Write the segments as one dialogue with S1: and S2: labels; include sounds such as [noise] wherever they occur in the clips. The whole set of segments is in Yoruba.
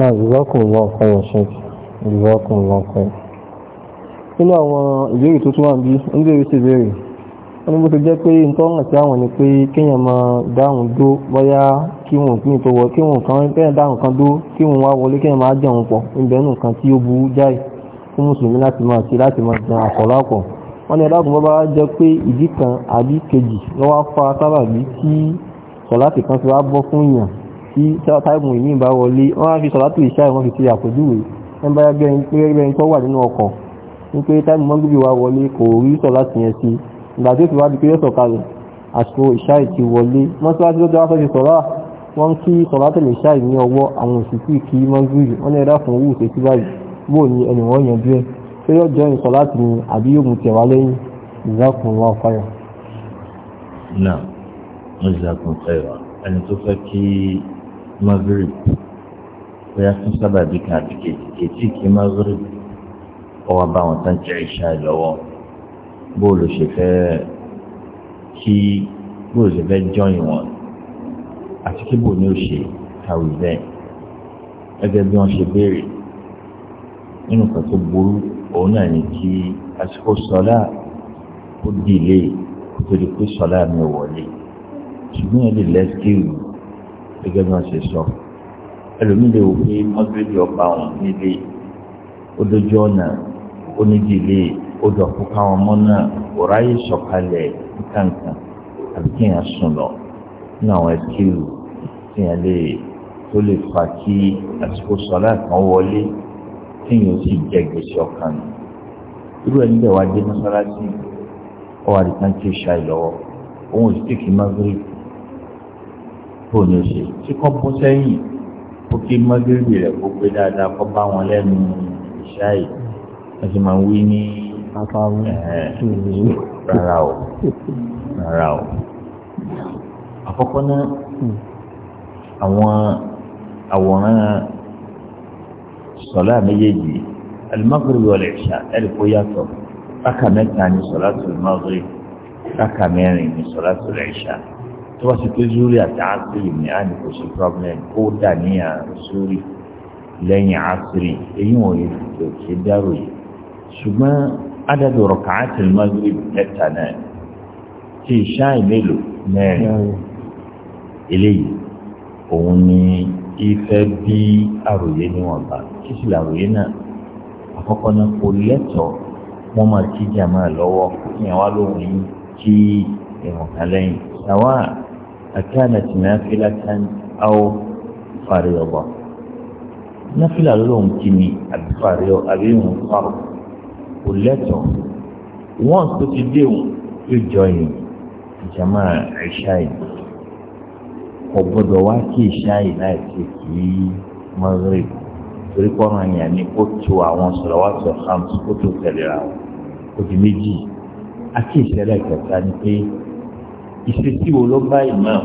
S1: náà ìwọ́kùn lọ fẹ́ ọ̀ṣẹ́ ìwọ́kùn lọ fẹ́ nínú àwọn ìbéèrè tó tún wà bí ń bèèrè sí ìbéèrè wọ́n ní bó ti jẹ́ pé nǹkan àti àwọn ni pé kéèyàn máa dáhùn dó bóyá kí wọn kí tó wọ kí wọn kan kéèyàn dáhùn kan dó kí wọn wá wọlé kéèyàn máa jẹun pọ̀ níbẹ̀ nù kan tí ó burú jáì fún mùsùlùmí láti máa ṣe láti máa jẹun àkọ́lápọ̀ wọ́n ní ẹ̀dáàbò bọ́ bá jẹ́ pé ìdí kan àbí kejì lọ́wọ́ fa sábàbí tí sọ̀láti kan ti wá bọ́ fún èèyàn tí táìmù ìní bá wọlé wọ́n á fi sọ̀látù ìṣáì wọ́n fi ti àpèjúwe ẹ̀ ń bá gẹ́gẹ́ tó wà nínú ọkọ̀ ní pé táìmù mọ́gbìbì wá wọlé kò rí sọ̀látù yẹn sí ìgbà tí ó fi wá di pé yóò sọ̀kalẹ̀ àsìkò ìṣáì ti wọlé mọ́sálásí ló dáwọ́ fẹ́ sọ̀rọ̀ wọ́n kí sọ̀látù ìṣáì ní ọwọ́ àwọn òṣìṣì kí mọ́gbìbì wọ́n ní ẹ̀dá fún owó ìṣèṣì báyìí bó ni ẹnì wọ́n yẹn bí ẹ pé yóò jọ ìsọ̀látù ni àbí yóò mú tẹ̀wá lẹ́yìn ìzákùnlọ́ fáyà. náà wọ́n ìzákùn fẹ́ wa ẹni tó fẹ́ kí magrib bóyá fún sábàbí kan àti kejì tí kì í magrib ọwọ́ bá wọn tán jẹ́ ìṣá lọ́wọ́ bóòlù ṣe fẹ́ kí bóòlù ṣe fẹ́ jọyìn wọn àti kí bóòlù ní òṣè kàwé bẹ́ẹ̀ gẹ́gẹ́ bí wọ́n ṣe béèrè nínú kan tó burú òun náà ní kí àsìkò sọlá kó dìlé kó tó di pé sọlá mi wọlé ṣùgbọ́n ẹ lè lẹ́sìkì rù gẹ́gẹ́ bí wọ́n ṣe sọ ẹlòmíì lè wò pé mọ́gírẹ́dì ọba wọn nílé ó dojú ọ̀nà ó nídìílé ó dọ̀kú káwọn ọmọ náà kò ráyè sọ̀kalẹ̀ nǹkankan àbí kéèyàn sùn lọ nínú àwọn ẹ̀kíwù kéèyàn lè tó lè fa kí àsìkò sọ̀lá kan wọlé kéèyàn ó sì jẹ gbèsè ọkàn nù irú ẹni bẹ́ẹ̀ wá dé mọ́sálásí ọwọ́ àdìkan tí ó ṣàì lọ́wọ́ òun ò sì tìkì mọ́gírẹ́dì kò ní ṣe tí kò bó sẹ́yìn kó kí mọ́gírìbì rẹ̀ kó pé dáadáa kó bá wọn lẹ́nu ìṣá yìí wọ́n sì máa ń wí ní rárá o rárá o àkọ́kọ́ náà àwọn àwòrán sọ̀lá méjèèjì alimọ́gírìbì wọlé ìṣá ẹ̀rì kó yàtọ̀ rákà mẹ́ta ní sọ̀lá tó lè mọ́gírìbì rákà mẹ́rin ní sọ̀lá tó lè ìṣá tó bá ṣe pé zuri àti asiri ni a kò sí problem kó dà níyà zuri lẹ́yìn asiri èyí wọ̀nyí kò ṣe dárò yìí ṣùgbọ́n adadu raka'ati al-maghrib mẹ́ta náà ti ṣáì mélòó mẹ́rin eléyìí òun ni ìfẹ́ bí àròyé níwọ̀nba kí sì làròyé náà àkọ́kọ́ náà kò lẹ́tọ̀ọ́ wọ́n máa kí jàmáà lọ́wọ́ kí wá lóhùn yín kí ìrùn kan lẹ́yìn أكانت نافلة أو فريضة نافلة لهم كني أبي فريضة أبي فرض ولتهم once tó ti dé wọn yóò jọ yìí ìjàmà ìṣáì kò gbọdọ̀ wá kí ìṣáì láì ṣe kì í mọ́rẹ́ torí pọ́nrán yẹn ni ó to àwọn sọ̀rọ̀ wá sọ̀rọ̀ hams ó tó tẹ̀lé ra wọn ó di méjì àkíyèsí ẹlẹ́kẹ̀ẹ́ta ni pé ìṣesí wo ló bá ìmọ̀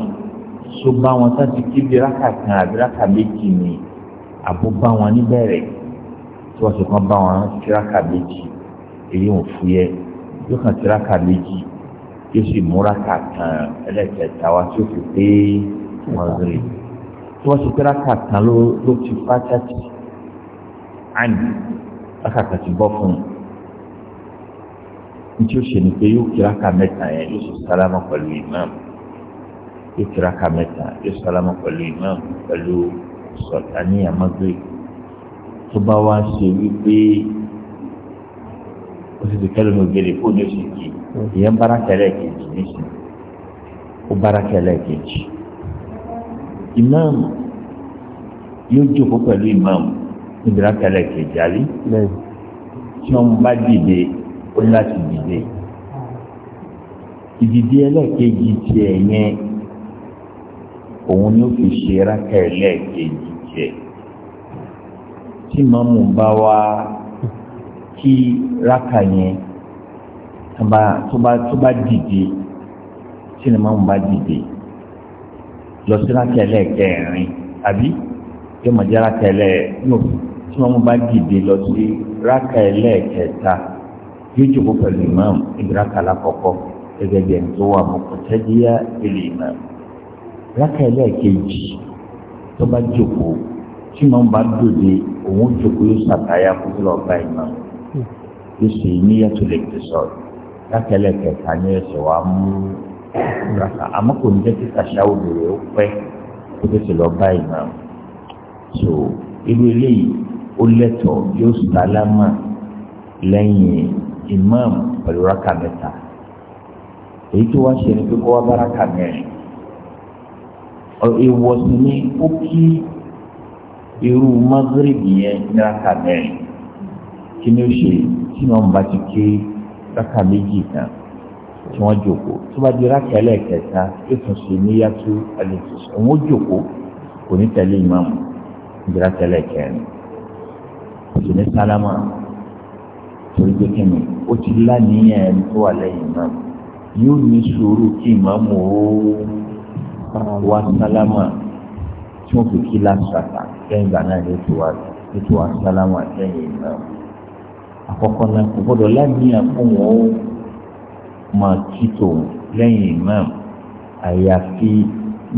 S1: so bá wọn tán ti kí bíráka kan àbí ráka méjì ni àbó bá wọn níbẹ̀rẹ̀ tí wọ́n sì kàn bá wọn tíráka méjì èyí ò fúyẹ́ yóò kàn tíráka méjì yóò sì mú ráka kan ẹlẹ́kẹ̀ẹ́ta wá tí ó fi pé wọ́n rí tí wọ́n sì tíráka kan ló ti fá tẹ́tì àní ráka kan ti bọ́ fún un tí ó ṣe ni pé yóò kíráka mẹ́ta yẹn yóò sì sálámà pẹ̀lú imam yóò kíráka mẹ́ta yóò sálámà pẹ̀lú imam pẹ̀lú sọ̀tání amagbe tó bá wá ṣe wípé ó sì ti kẹ́lò ní ògèrè fóònù ó sì kì ìyẹn bára kẹlẹ́ kejì nísìn ó bára kẹlẹ́ kejì imam yóò jókòó pẹ̀lú imam níbi rákẹ́lẹ́ kejì alẹ́ tí wọ́n bá dìde ó láti dìde ìdìde ẹlẹ́ẹ̀kejì tiẹ̀ yẹn òun ni ó fi ṣe rákà ẹlẹ́ẹ̀kejì tiẹ̀ tí màmú bá wá kí rákà yẹn tó bá tó bá dìde tí màmú bá dìde lọ sí rákà ẹlẹ́ẹ̀kẹrin àbí yóò máa jẹ́ rákà ẹlẹ́ẹ̀ yóò tí màmú bá dìde lọ sí rákà ẹlẹ́ẹ̀kẹta jíjòkó pẹ̀lú imam ìgbàkàlà kọ̀kọ́ gẹ́gẹ́ bí ẹni tó wà mọ̀kọ́tẹ́díyà ilé imam rákà ẹlẹ́ẹ̀kejì tó bá jòkó tí màá bá dòde òun jòkó yóò sàtáyà kó tó lọ bá imam yóò sì níyàtò lè ti sọ rákà ẹlẹ́ẹ̀kẹta ní ẹsẹ̀ wa mú rákà àmọ́ kò ní jẹ́ kí kàṣáwó bèrè ó pẹ́ kó tó ti lọ bá imam so irú eléyìí ó lẹ́tọ̀ọ́ yóò sálámà lẹ́yìn imam pẹ̀lú rákà mẹ́ta èyí tó wá ṣe ni pé kó wá bá rákà mẹ́rin ìwọ̀sìn ni ó kí irú magrebi yẹn ní rákà mẹ́rin kí ni ó ṣe tí wọ́n bá ti ké rákà méjì kan tí wọ́n jòkó tó bá di rákà ẹlẹ́ẹ̀kẹta yóò tún ṣe níyàtú alẹ́tùsù òun ó jòkó kò ní tẹ̀lé imam ìdírákà ẹlẹ́ẹ̀kẹrin kò sì ní sálámà torí pé kí ni ó ti lánìyàn ẹni tó wà lẹ́yìn náà yóò ní sùúrù kí ìmáàmù ó wá sálámà tí wọ́n fi kí lásàtà lẹ́yìn ìgbà náà ló ti wá ló ti wá sálámà lẹ́yìn náà àkọ́kọ́ náà kò gbọ́dọ̀ lánìyàn fún wọn ó máa kí tòun lẹ́yìn náà àyàfi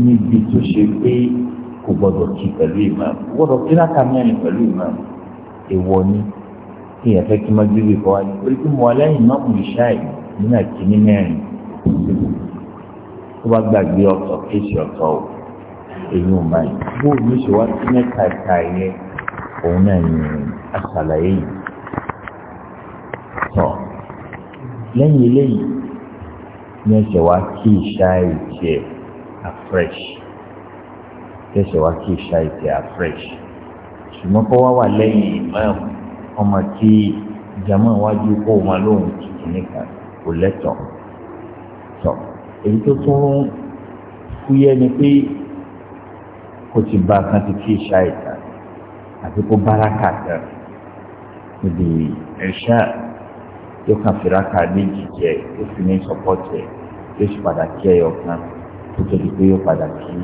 S1: níbi tó ṣe pé kò gbọdọ̀ kí pẹ̀lú ìmáàmù kò gbọdọ̀ kí láta mẹ́rin pẹ̀lú ìmáàmù èèwọ̀ ni kí èèyàn fẹ́ kí má gbígbé kọ́ wáyé orí kí mo wà lẹ́yìn má mú ìṣá ẹ̀ nínú àkíní mẹ́rin tó bá gbàgbé ọ̀tọ̀ kéṣì ọ̀tọ̀ o èyí ò máa yìí bó o ní ṣe wá sí mẹ́ta ìta yẹ òun náà ní àṣàlàyé yìí tọ̀ lẹ́yìn eléyìí ní ẹsẹ̀ wá kí ìṣá tiẹ̀ afresh ní wá kí ìṣá tiẹ̀ afresh ṣùgbọ́n kó wá wà lẹ́yìn ìmáàmù ọmọ tí jama wájú kó wọn lóhùn tuntun nìkan kò lẹ́tọ̀ tọ̀ èyí tó tún fúyẹ́ ni pé kò ti bá kan ti kí ìṣá ìta àti kó báraka kan níbi ẹ̀ṣá yóò kàn fìràkà méjì jẹ yóò fi ní sọpọ́tì ẹ̀ yóò sì padà kí ẹyọ kan tó tóbi pé yóò padà kí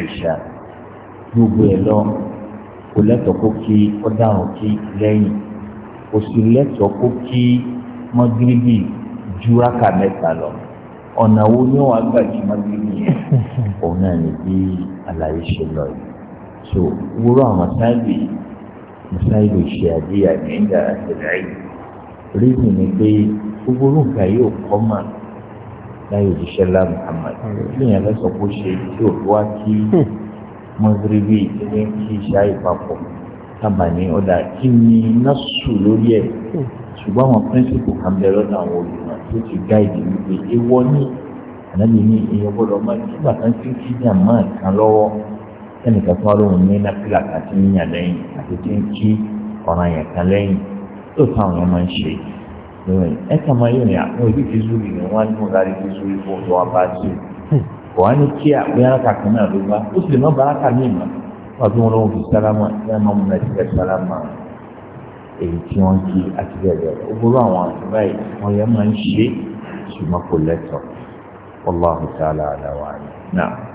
S1: ẹ̀ṣá gbogbo ẹ̀ lọ kò lẹ́tọ̀ kó kí ó kí lẹ́yìn kò sí lẹ́tọ̀ọ́ kó kí mọ́gíríbì ju rákà mẹ́ta lọ ọ̀nà wo ni wọ́n á gbà kí mọ́gíríbì yẹn [laughs] òun náà ní bí àlàyé ṣe lọ yìí so wúrọ̀ àwọn sáàbì mùsáìlì ṣe àdíyà ní ìgbà àtẹ̀láì rízì ni pé gbogbo olùgbà yóò kọ́ mà láyé òṣìṣẹ́ lá Muhammad lóyìn alásọ̀kó ṣe tí òfin wá kí [laughs] mọ́gíríbì ní kí ṣáà ìpapọ̀ sábà ní ọ̀dà kí ni násù lórí ẹ̀ hmm. ṣùgbọ́n àwọn píríncípù kan bẹ lọ́dọ̀ àwọn olùmọ̀ tó ti gáìdì wípé ewọ́ ní ànábì ní èèyàn gbọ́dọ̀ máa kí bàtà tí kí ní àmọ́ nǹkan lọ́wọ́ ẹnìkan tó wá lóhùn ní nápìlà àti níyàn lẹ́yìn àti tí ń kí ọ̀ràn yẹn kan lẹ́yìn tó táwọn èèyàn ń ṣe lóhùn ẹ máa yóò ní àwọn òbí fi zúrì ní wọn á nínú láti fi fún ọ̀dọ̀ wọn tún lóun fi sálámà yẹn máa múna ti fẹ sálámà èyí tí wọn kí àti bẹ́ẹ̀ bẹ́ẹ̀ ó gbọ́dọ̀ àwọn àtúbà yìí wọn yẹn máa ń ṣe ṣùgbọ́n kò lẹ́tọ̀ọ́ wàláhùn sáà láàlá wà náà.